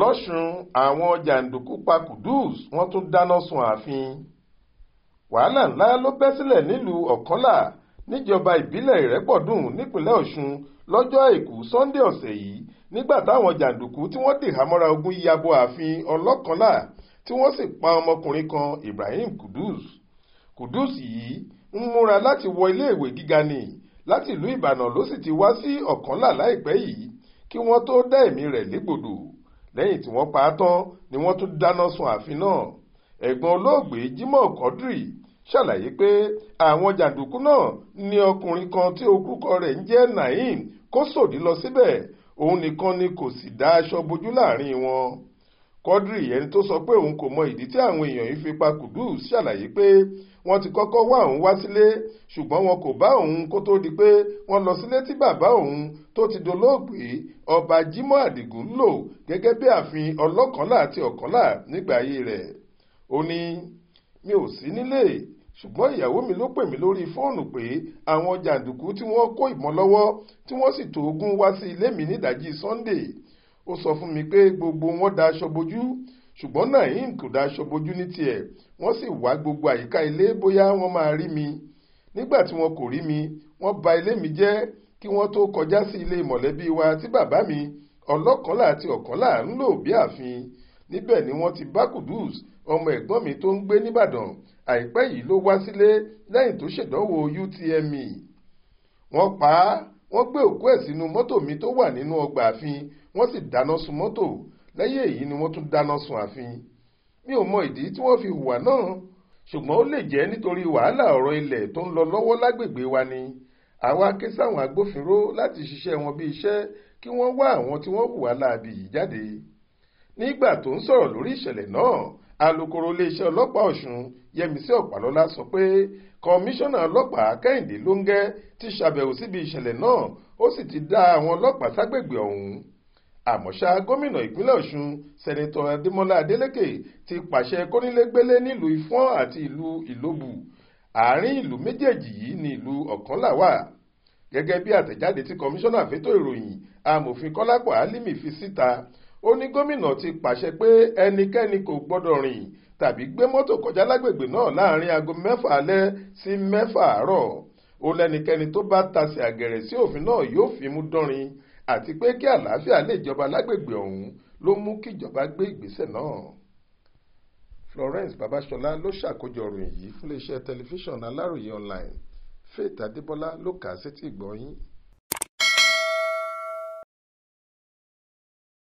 lọ́sùn àwọn jàǹdùkú pa Kudus wọ́n tún dáná sun ààfin wàhálà ńlá ló bẹ́ sílẹ̀ nílùú ọ̀kánlá níjọba ìbílẹ̀ ìrẹ́pọ̀dùn nípínlẹ̀ ọ̀ṣun lọ́jọ́ àìkú sọ́ndé ọ̀sẹ̀ yìí nígbà táwọn jàǹdùkú tí wọ́n dìhámọ́ra ogun ya bo ààfin ọlọ́kànlá tí wọ́n sì pa ọmọkùnrin kan Ibrahim Kudus Kudus yìí ń múra láti wọ iléèwé gíga ni láti ìlú Ìbàdàn ló sì ti wá sí ọ̀kánlá láìpẹ́ yìí kí wọ́n tó dá ẹ̀mí rẹ̀ légbodò lẹ́yìn tí wọ́n pa á tán ni wọ́n tún dáná sun ààfin náà ẹ̀gbọ́n olóògbé Jimoh Quadri ṣàlàyé pé àwọn jàǹdùkú náà ni ọkùnrin kan tí orúkọ rẹ̀ ń jẹ́ Naim kó sòdí lọ síbẹ̀ òun nìkan ni kò sì dá aṣọ bojú láàrin wọn Quadri ẹni tó sọ pé òun kò mọ ìdí tí àwọn èèyàn yìí fi pa Kudus ṣàlàyé pé wọ́n ti kọ́kọ́ wá òun wá sílé ṣùgbọ́n wọn kò bá òun kó tó di pé wọ́n lọ sílé tí bàbá òun tó ti dolóògbé ọba Jimoh Adigun lò gẹ́gẹ́ bí ààfin ọlọ́kànlá àti ọ̀kànlá nígbà ayé rẹ̀ ó ní mi ò sí nílé ṣùgbọ́n ìyàwó mi ló pè mí lórí fóònù pé àwọn jàǹdùkú tí wọ́n kó ìbọn lọ́wọ́ tí wọ́n sì tó ogún wá sí ilé mi nídàájí Sunday ó sọ fún mi pé gbogbo wọn daṣọ bojú ṣùgbọ́n naim kò daṣọ bojú ní tiẹ̀ wọ́n sì wá gbogbo àyíká ilé bóyá wọ́n máa rí mi nígbà tí wọn kò rí mi wọ́n ba ilé mi jẹ́ kí wọ́n tó kọjá sí ilé mọ̀lẹ́bí wa tí bàbá mi ọlọ́kànlá àti ọ̀kànlá ń lò bí ààfin níbẹ̀ ni wọ́n ti bá Kudus ọmọ ẹ̀gbọ́n mi tó ń gbé nìbàdàn àìpẹ́ yìí ló wá sílé lẹ́yìn tó ṣèdánwò UTME wọ́n pa á wọ́n gbé òkú ẹ̀ sínú mọ́tò mi tó wà nínú ọgbà ààfin wọ́n sì dáná sun mọ́tò lẹ́yìn èyí ni wọ́n tún dáná sun ààfin mi ò mọ ìdí tí wọ́n fi hùwà náà ṣùgbọ́n ó lè jẹ́ nítorí wàhálà ọ̀rọ̀ ilẹ̀ tó ń lọ lọ́wọ́ lágbègbè wa ni àwa ké sáwọn agbófinró láti ṣiṣẹ́ wọn bí iṣẹ́ kí wọ́n wá àwọn tí wọ́n hùwà láabi yìí jáde nígbà tó ń sọ̀rọ̀ lórí ìṣẹ̀lẹ̀ náà alūkkóró iléeṣẹ́ ọlọ́pàá ọ̀ṣun yẹmísí ọ̀pálọ́lá sọ pé kọmíṣánná ọlọ́pàá kẹ́hìndé lóńgẹ́ ti ṣàbẹ̀wò síbi ìṣẹ̀lẹ̀ náà ó sì ti dá àwọn ọlọ́pàá ságbègbè ọ̀hún àmọ́ṣá gómìnà ìpínlẹ̀ ọ̀ṣun sẹ́nitọ́ adémọ́lá adélèké ti pàṣẹ kónílégbélé nílùú ifọ̀n àti ìlú ìlóbù àárín ìlú méjèèjì yìí ni ìlú ọ̀kánlá wà gẹ́gẹ́ bí àtẹ̀jáde tí kọmíṣánná fẹ́tọ̀ ìròyìn amòfin kọ́lápọ̀ álímì fi síta ó ní gómìnà ti pàṣẹ pé ẹnikẹ́ni kò gbọ́dọ̀ rìn tàbí gbé mọ́tò kọjá lágbègbè náà láàrin aago mẹ́fà alẹ́ sí mẹ́fà àárọ̀ ó lẹ́nikẹ́ni tó bá tasẹ̀ àgẹ̀rẹ̀ sí òfin náà yóò fi mú dánrin àti pé kí àlàáfíà lè jọba lágbègbè ọ̀hún ló mú kíjọba gbé ìgbésẹ̀ náà. Florence Babasola ló ṣàkójọ ìròyìn yìí fún iléeṣẹ́ tẹlifíṣàn Aláròye online Faith Adébọlá ló kà á sétí ìgbọ́